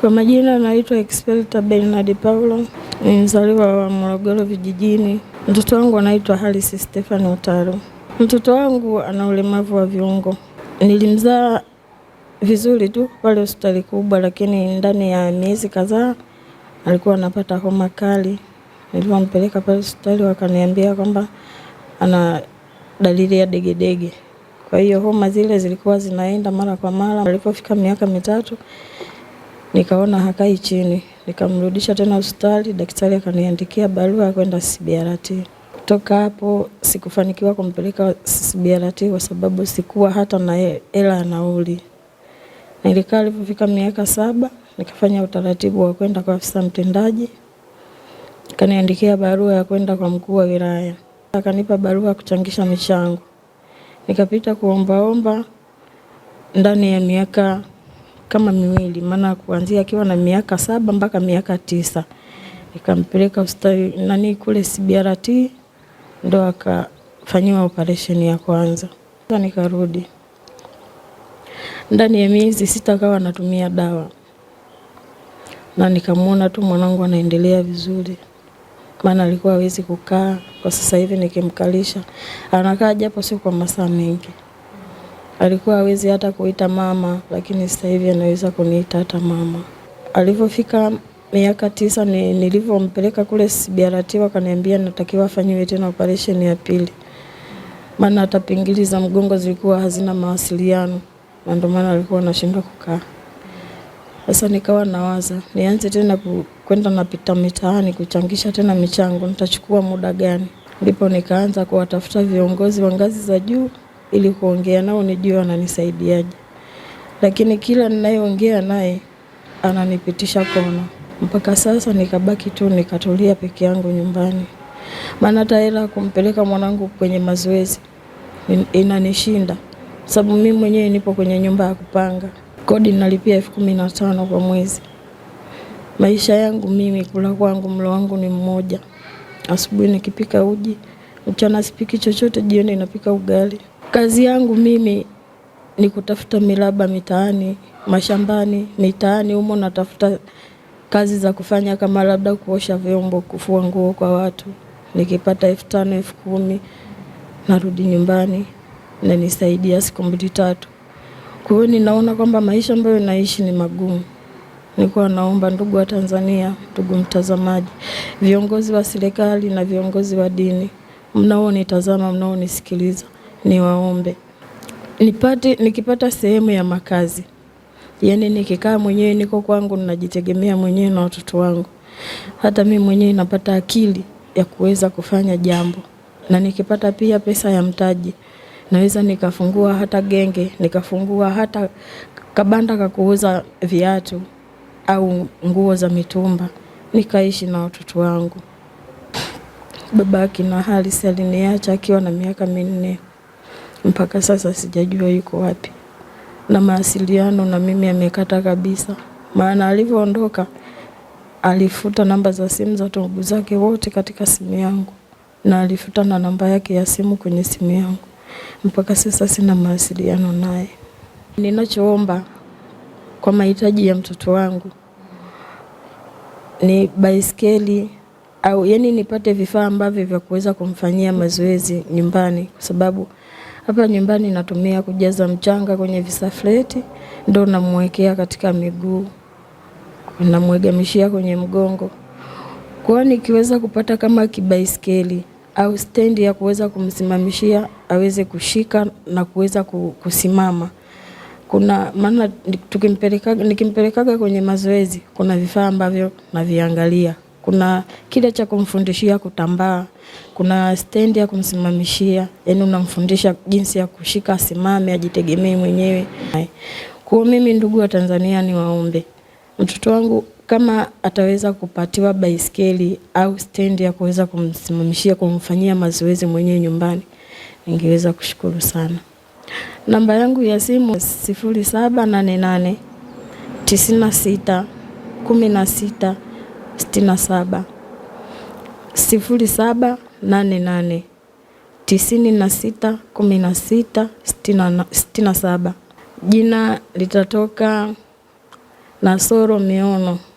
Kwa majina naitwa Expelta Bernard Paulo, ni mzaliwa wa Morogoro vijijini. Mtoto wangu anaitwa Halisi Stefani Otaro. Mtoto wangu ana ulemavu wa viungo. Nilimzaa vizuri tu pale hospitali kubwa, lakini ndani ya miezi kadhaa alikuwa anapata homa kali. Nilipompeleka pale hospitali, wakaniambia kwamba ana dalili ya degedege. Kwa hiyo homa zile zilikuwa zinaenda mara kwa mara. Alipofika miaka mitatu nikaona hakai chini, nikamrudisha tena hospitali. Daktari akaniandikia barua ya kwenda CBRT. Kutoka hapo sikufanikiwa kumpeleka CBRT kwa sababu sikuwa hata na hela ya nauli. Nilikaa alipofika miaka saba, nikafanya utaratibu wa kwenda kwa afisa mtendaji, kaniandikia barua ya kwenda kwa mkuu wa wilaya, akanipa barua ya kuchangisha michango, nikapita kuombaomba ndani ya miaka kama miwili, maana kuanzia akiwa na miaka saba mpaka miaka tisa nikampeleka hospitali nani kule CBRT, ndo akafanyiwa operesheni ya kwanza. Sasa nikarudi ndani ya miezi sita akawa anatumia dawa na nikamwona tu mwanangu anaendelea vizuri, maana alikuwa hawezi kukaa. Kwa sasa hivi nikimkalisha anakaa, japo sio kwa masaa mengi. Alikuwa hawezi hata kuita mama, lakini sasa hivi anaweza kuniita hata mama. Alivyofika miaka tisa ni, nilivyompeleka kule CBRT wakaniambia natakiwa afanyiwe tena operation ya pili, maana hata pingili za mgongo zilikuwa hazina mawasiliano na ndio maana alikuwa anashindwa kukaa. Sasa nikawa nawaza nianze tena kwenda napita mitaani kuchangisha tena michango, nitachukua muda gani? Ndipo nikaanza kuwatafuta viongozi wa ngazi za juu ili kuongea nao nijue wananisaidiaje, lakini kila ninayeongea naye ananipitisha kona. Mpaka sasa nikabaki tu nikatulia peke yangu nyumbani, maana hata hela kumpeleka mwanangu kwenye mazoezi inanishinda, sababu mimi mwenyewe nipo kwenye nyumba ya kupanga, kodi nalipia elfu kumi na tano kwa mwezi. Maisha yangu mimi, kula kwangu, mlo wangu ni mmoja. Asubuhi nikipika uji, mchana sipiki chochote, jioni napika ugali. Kazi yangu mimi ni kutafuta miraba mitaani, mashambani, mitaani humo natafuta kazi za kufanya kama labda kuosha vyombo, kufua nguo kwa watu. Nikipata elfu tano, elfu kumi narudi nyumbani nanisaidia siku mbili tatu. Kwa hiyo ninaona kwamba maisha ambayo naishi ni magumu. Nilikuwa naomba ndugu wa Tanzania, ndugu mtazamaji, viongozi wa serikali na viongozi wa dini, mnaonitazama, mnaonisikiliza, niwaombe nipate, nikipata sehemu ya makazi, yaani nikikaa mwenyewe niko kwangu najitegemea mwenyewe na watoto wangu, hata mi mwenyewe napata akili ya kuweza kufanya jambo, na nikipata pia pesa ya mtaji naweza nikafungua hata genge, nikafungua hata kabanda ka kuuza viatu au nguo za mitumba, nikaishi na watoto wangu. Babake na Halisi aliniacha akiwa na miaka minne mpaka sasa sijajua yuko wapi, na mawasiliano na mimi amekata kabisa, maana alivyoondoka alifuta namba za simu za ndugu zake wote katika simu yangu na alifuta na namba yake ya simu kwenye simu yangu. Mpaka sasa sina mawasiliano naye. Ninachoomba kwa mahitaji ya mtoto wangu ni baiskeli au yani nipate vifaa ambavyo vya kuweza kumfanyia mazoezi nyumbani, kwa sababu hapa nyumbani natumia kujaza mchanga kwenye visafleti, ndo namwekea katika miguu, namwegamishia kwenye mgongo. Kwa nikiweza kupata kama kibaiskeli au stendi ya kuweza kumsimamishia aweze kushika na kuweza kusimama kuna maana tukimpelekaga nikimpelekaga kwenye mazoezi, kuna vifaa ambavyo naviangalia. Kuna kile cha kumfundishia kutambaa, kuna stendi ya kumsimamishia, yani unamfundisha jinsi ya kushika, asimame, ajitegemee mwenyewe. Kwa mimi, ndugu wa Tanzania, ni waombe mtoto wangu kama ataweza kupatiwa baiskeli au stendi ya kuweza kumsimamishia, kumfanyia mazoezi mwenyewe nyumbani, ningeweza kushukuru sana. Namba yangu ya simu sifuri saba nane nane tisini na sita kumi na sita sitini na saba sifuri saba nane nane tisini na sita kumi na sita sitini na saba. Jina litatoka Nasoro Miono.